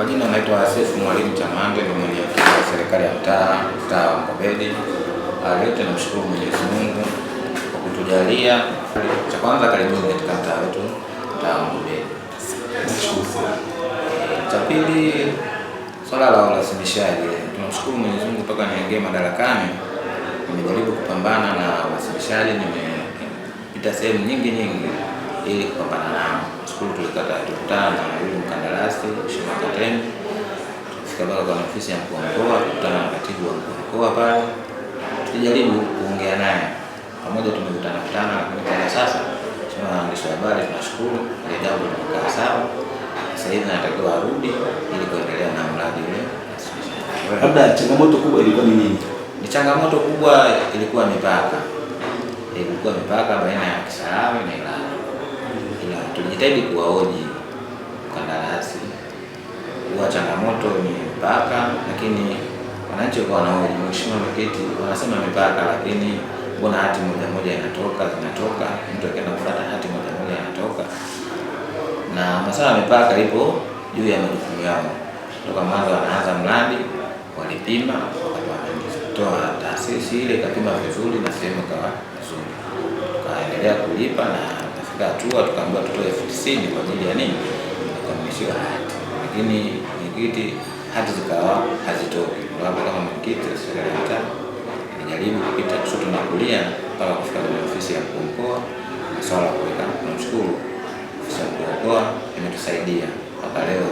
Kwa jina naitwa Seif Mwalimu Chamande, ni mwenyekiti wa serikali ya mtaa mtaa wa Ngobedi. Ah, yote namshukuru Mwenyezi Mungu kwa kutujalia. Cha kwanza, karibuni katika mtaa wetu mtaa wa Ngobedi. Eh, cha pili, swala la urasimishaji, tunamshukuru Mwenyezi Mungu toka niingie madarakani nimejaribu kupambana na urasimishaji, nimepita sehemu nyingi nyingi ili kupambana nao. Shukuru tulikata tukutana na huyu mkandarasi Mheshimiwa Katenge, tukifika pale kwa ofisi ya mkuu wa mkoa, tukutana na katibu wa mkuu wa mkoa pale, tukijaribu kuongea naye pamoja, tumekutana kutana, lakini kwa sasa tuna waandishi wa habari tunashukuru, ile jambo limekaa sawa. Sasa hivi natakiwa arudi ili kuendelea na mradi ule. Labda changamoto kubwa ilikuwa ni nini? Ni changamoto kubwa ilikuwa mipaka, ilikuwa mipaka baina ya Kisarawe na tunajitahidi kuwaoji kandarasi, huwa changamoto ni mipaka, lakini wananchi kwa wanaoji, mheshimiwa mwenyekiti, wanasema mipaka, lakini mbona hati moja moja inatoka zinatoka, mtu akienda kufuata hati moja moja inatoka, na masala mipaka ipo juu ya majukumu yao toka mwanzo wanaanza mradi walipima wakatoa taasisi ile ikapima vizuri na sehemu ikawa nzuri, tukaendelea kulipa na katika hatua tukaambiwa tutoe elfu tisini kwa ajili ya nini kukamilishiwa hati, lakini mwenyekiti hati zikawa hazitoki. Hapo kama mwenyekiti wa serikali ya mtaa alijaribu kupita kushoto na kulia mpaka kufika kwenye ofisi ya mkuu mkoa na swala ya kuweka. Tunamshukuru ofisi ya mkuu mkoa imetusaidia mpaka leo,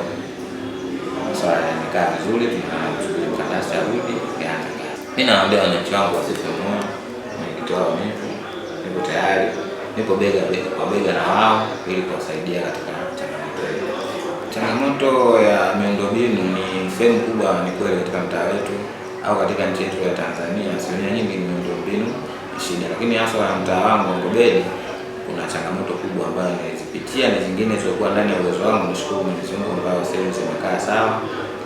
swala yamekaa vizuri, tunamshukuru mkandarasi arudi aanze kazi. Mimi nawaambia wananchi wangu wasife moyo, mwenyekiti wao nipo, niko tayari nipo bega bega kwa bega na wao ili kuwasaidia katika changamoto hiyo. Changamoto ya miundombinu ni sehemu kubwa, ni kweli, katika mtaa wetu au katika nchi yetu ya Tanzania, asilimia nyingi ni miundombinu shida, lakini hasa na mtaa wangu Ngobedi kuna changamoto kubwa ambayo nilizipitia na zingine zilizokuwa ndani ya uwezo wangu. Nishukuru Mwenyezi Mungu ambayo sehemu zimekaa sawa,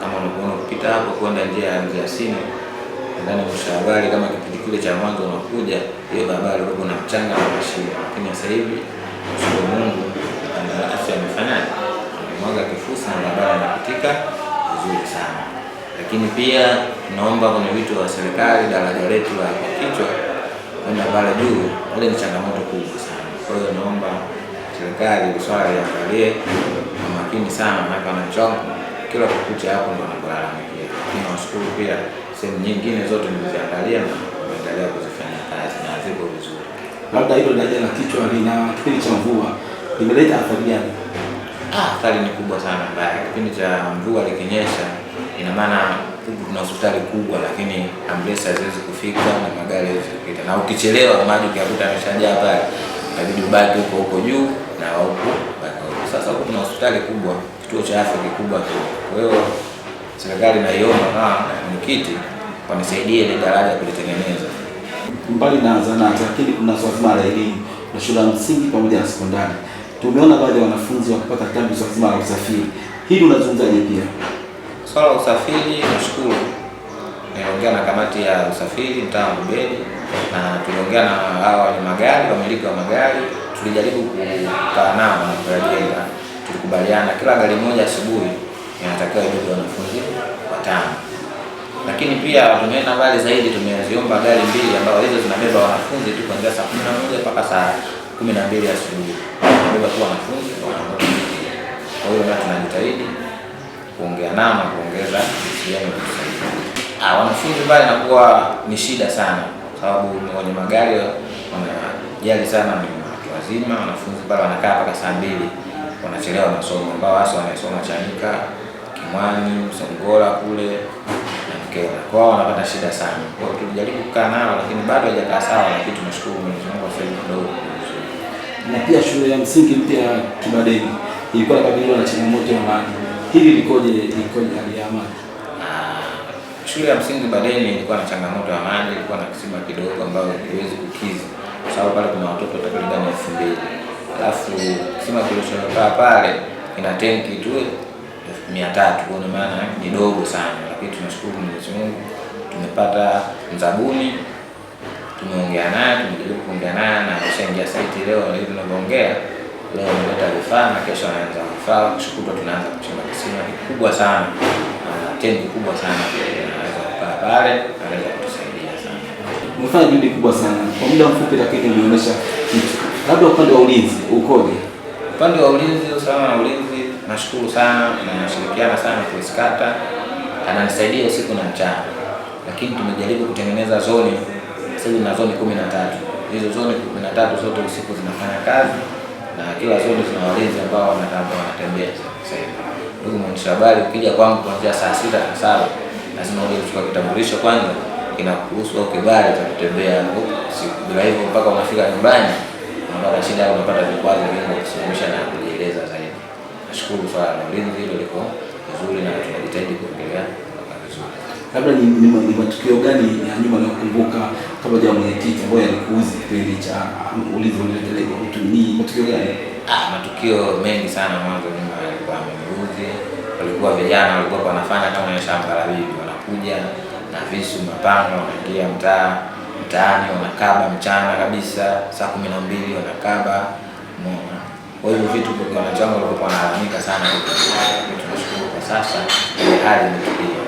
kama unavyoona kupita hapo kwenda njia ya mjasini ndani ya habari kama kipindi kile cha mwanzo unakuja, hiyo habari ilikuwa na mchanga na mashimo, lakini sasa hivi mshukuru Mungu afya amefanyaje, amemwaga kifusi na barabara inapitika vizuri sana. Lakini pia naomba kwenye wito wa serikali, daraja letu la kichwa kwenda pale juu, ile ni changamoto kubwa sana. Kwa hiyo naomba serikali iswali angalie kwa makini sana, na kama wangu kila kukucha hapo ndio nakulalamikia. Ninawashukuru pia sehemu nyingine zote niliziangalia na kuendelea kuzifanya kazi na ziko vizuri. Labda hilo daraja la kichwa lina kipindi cha mvua limeleta athari gani? Ah, athari ni kubwa sana mbaya. Kipindi cha mvua likinyesha, ina maana kuna hospitali kubwa lakini ambulensi haziwezi kufika na magari haziwezi kupita, na ukichelewa maji ukiyakuta yameshajaa pale, inabidi ubaki huko huko juu na huko. Sasa kuna hospitali kubwa kituo cha afya kikubwa tu. Kwa hiyo serikali naiomba na mwenyekiti wanisaidie ile daraja kulitengeneza. Mbali na zahanati, lakini kuna swala zima la elimu na shule ya msingi pamoja na sekondari. Tumeona baadhi ya wanafunzi wakipata tabu swala zima la usafiri, hili unazungumzaje? Pia swala la usafiri, nashukuru niliongea na kamati ya usafiri mtaa wa Mbweni na tuliongea na hawa ni magari, wamiliki wa magari, tulijaribu kukaa nao na kuwajenga tulikubaliana kila gari moja asubuhi inatakiwa ibebe wanafunzi watano, lakini pia tumeenda mbali zaidi, tumeziomba gari mbili ambazo hizo zinabeba wanafunzi tu kuanzia saa kumi na moja mpaka saa kumi na mbili asubuhi inabeba tu wanafunzi. Kwa hiyo na tunajitahidi kuongea nao na kuongeza uhusiano. Ah, wanafunzi mbali nakuwa ni shida sana, kwa sababu wenye magari wanajali sana ni watu wazima. Wanafunzi pale wanakaa mpaka saa mbili wanachelewa masomo, ambao hasa wanasoma Chanika, Kimwani, Msongola kule na Mkera, kwao wanapata shida sana. Kwa hiyo tulijaribu kukaa nao, lakini bado haijakaa sawa, lakini tunashukuru Mwenyezi Mungu kwa kidogo. Na pia shule ya msingi mpya ya Kibadeni ilikuwa inakabiliwa na changamoto ya maji, hili likoje? Likoje hali ya maji? Ah, shule ya msingi Badeni ilikuwa na changamoto ya maji, ilikuwa na kisima kidogo ambayo haiwezi kukizi, kwa sababu pale kuna watoto takriban elfu mbili alafu kusema kilo tunakaa pale ina tenki tu elfu mia tatu kwa maana ni dogo sana, lakini tunashukuru Mwenyezi Mungu tumepata mzabuni, tumeongea naye, tumejaribu kuongea naye na ameshaingia site leo, Leo tunaongea leo ameleta vifaa na kesho anaanza vifaa. Kushukuru tunaanza kuchimba kisima kikubwa sana na tenki kubwa sana, anaweza kukaa pale, anaweza kutusaidia sana. Umefanya juhudi kubwa sana kwa muda mfupi, lakini umeonyesha kitu Labda upande wa ulinzi ukoje? Upande wa ulinzi, usalama na ulinzi, nashukuru sana na nashirikiana sana na polisi kata, ananisaidia usiku na mchana, lakini tumejaribu kutengeneza zoni sasa na zoni kumi na tatu. Hizo zoni kumi na tatu zote usiku zinafanya kazi na kila zoni zina walinzi ambao wanatambua wanatembea. Sasa hivi, ndugu mwandishi habari, ukija kwangu kuanzia saa sita na saba lazima uje kuchukua kitambulisho kwanza, kinakuruhusu au kibali cha kutembea huko, bila hivyo mpaka unafika nyumbani unapata shida au unapata vikwazo vingi vya kusimamisha na kujieleza zaidi. Nashukuru swala la ulinzi hilo liko vizuri na tunajitahidi kuendelea vizuri. Labda ni, ni, ni matukio gani ya nyuma nakumbuka kabla ya mwenyekiti ambayo yalikuuzi kipindi cha um, ulinzi mtu ni matukio gani? Ah, matukio mengi sana mwanzo nyuma yalikuwa yameuzi walikuwa vijana walikuwa wanafanya kama shamba la bibi wanakuja na visu mapango wanaingia mtaa mtaani wanakaba mchana kabisa, saa kumi na mbili wanakaba. Kwa hivyo vitu wanachama walikuwa wanalalamika sana, tunashukuru kwa sasa hali imetulia.